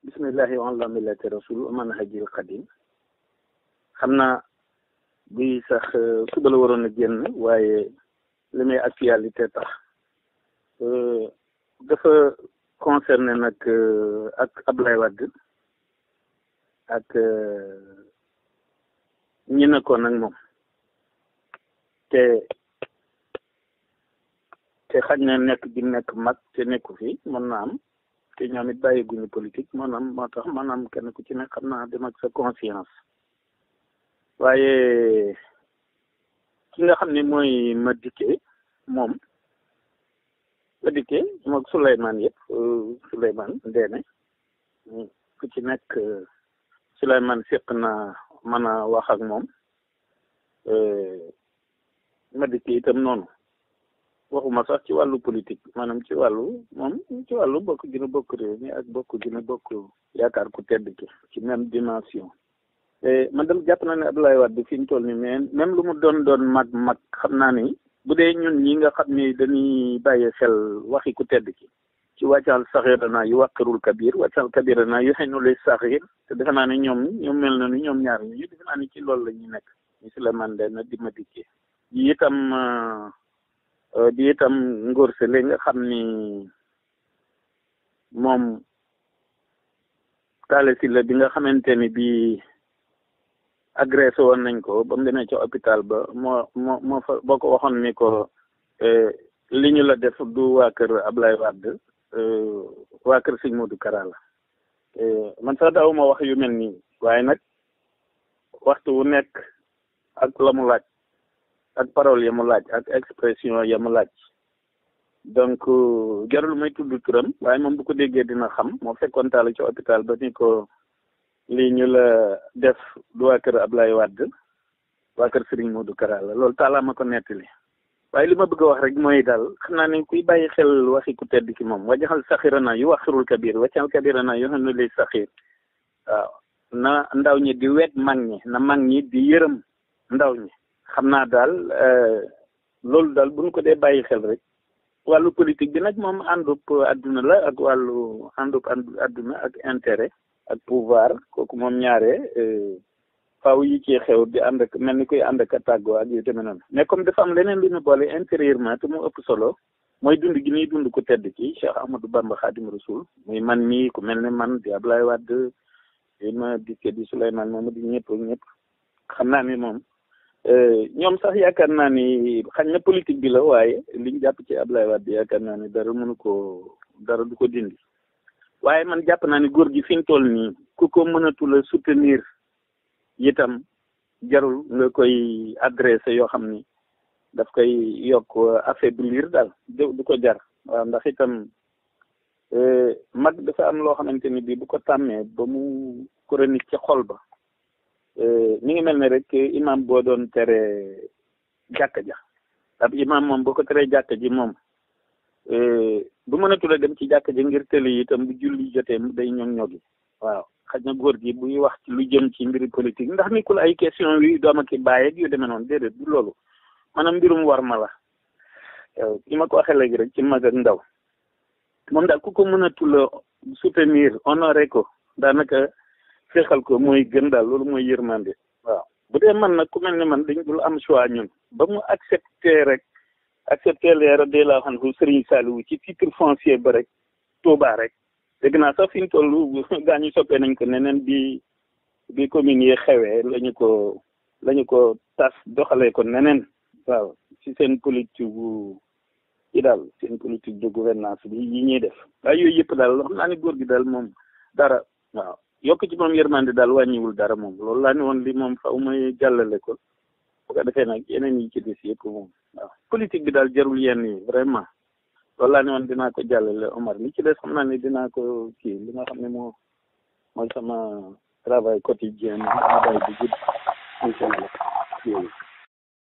bismillahi wa ala millati rasul man hajil xam naa bi sax euh, suba la waroon a génn waaye li may actualité tax euh, dafa concerné nag euh, ak Ablaye Wade ak ñi nekkoon ak moom te te xaj na nekk bi nekk mag te nekku fi mën naa am te ñoom it bàyyiguñu politique maanaam moo tax man maanaam kenn ku ci nekk xam naa dem ak sa conscience waaye ki nga xam ni mooy Madické moom Madické moom Souleymane yëpp Souleymane Ndéné ku ci nekk Souleymane séq na mën a wax ak moom Madické itam noonu waxuma sax ci wàllu politique maanaam ci wàllu moom ci wàllu bokk gi nu bokk réew mi ak bokk gi nu bokk yaakaar ku tedd ki ci même dimension eh, man dem jàpp naa ne Abdoulaye Wade fi ñu toll ni mais même lu mu doon doon mag mag xam naa ni bu dee ñun ñi nga xam ni dañuy bàyyi xel waxi ku tedd ki ci wàccal saxiranaa yu wàqirul kabir wàccal kabiranaa yu xenu le saxir te defe naa ne ñoom ñoom mel na ni ñoom ñaar ñu defe naa ni ci loolu la nekk si la man dana di ma dikkee itam euh, Euh, di itam ngóor si li nga xam ni moom Talla Sylla bi nga xamante ni bii agressé woon nañ ko ba mu demee ca hôpital ba moo moo moo fa boo ko waxoon ni ko euh, li ñu la def du waa kër Ablaye Wade euh, waa kër Sëñ Modou Kara la man sax daaw ma wax yu mel nii waaye nag waxtu wu nekk ak la mu laaj ak parole ya mu laaj ak expression ya mu laaj donc jarul may tudd turam waaye moom bu ko déggee dina xam moo fekkoon taal ca hôpital ba ni ko lii ñu la def du waa kër Ablaye Wade waa kër Serigne du Kara la loolu taalaa ma ko nettali waaye li ma bëgg a wax rek mooy daal xam naa ne kuy bàyyi xel waxi ku tedd ki moom wajaxal saxirana yu waxirul kabir waccal kabirana yu xam ne lay saxir waaw na ndaw ñi di wet mag ñi na mag ñi di yërëm ndaw ñi xam naa daal euh, loolu daal bu ñu ko dee bàyyi xel rek wàllu politique bi nag moom àndub adduna la ak wàllu àndub adduna ak intérêt ak pouvoir kooku moom ñaare euh, faaw yi ci xew di ànd k mel ni koy ànd ak tàggoo ak yu demee noonu mais comme dafa am leneen lu ñu boole intérieurement te mu ëpp solo mooy dund gi ñuy dund ku tedd ci Cheikh Ahmadou Bamba Khadim Rasoul muy man mii ku mel ni man di Ablaye Wade di ma di Seydi moom di ñëpp ñëpp xam naa mi moom. Eh, ñoom sax yaakaar naa ni xañ na politique bi la waaye li ñu ci Ablaye Wade yaakaar naa ni dara mënu ko dara du ko dindi waaye man jàpp naa ni góor gi fi mu toll nii ku ko mënatul a soutenir itam jarul nga koy adressé yoo xam ni daf koy yokk euh, affaiblir daal du ko jar waaw ndax itam euh, mag dafa am loo xamante ni bii bu ko tàmmee ba mu chronique ci xol ba Eh, mi ngi mel ne rek imam boo doon tere jàkka ja ab mam moom boo ko teree jàkka ji moom eh, bu mënatul a dem ci jàkka ji ngir tële yi itam bu julli jotee day ñoŋ ñogi waaw xaj na góor gi buy wax ci lu jëm ci mbiri politique ndax nekkul ay question yu doom ak i bàyyi ak yu demee noonu déedéet du loolu maanaam mbirum war ma la yow ki ma ko waxee léegi rek ci mag ak ndaw moom féexal ko mooy gën daal loolu mooy yërmande waaw bu dee man nag ku mel ne man dañ dul am choix ñun ba mu accepté rek accepté les radiyallahu anhu Serigne Saliou ci titre foncier ba rek Touba rek dégg naa sax fi ñu toll gaañu soppee nañ ko neneen bi bi communes yi xewee lañu ko lañu ko tas doxalee ko neneen waaw ci seen politique bu daal seen politique de gouvernance bi yi ñuy def waaye yooyu yëpp daal xam naa ne góor gi daal moom dara waaw yokk ci moom yërmande daal wàññiwul dara moom loolu laa ne woon li moom faaw may jàllale ko bu ko defee nag yeneen yi ci des yëpp moom waaw politique bi daal jarul yenn yi vraiment loolu laa ne woon dinaa ko jàllale Omar li ci des xam naa ne dinaa ko kii li nga xam ne moo mooy sama travail quotidien travail bi gudd incha allah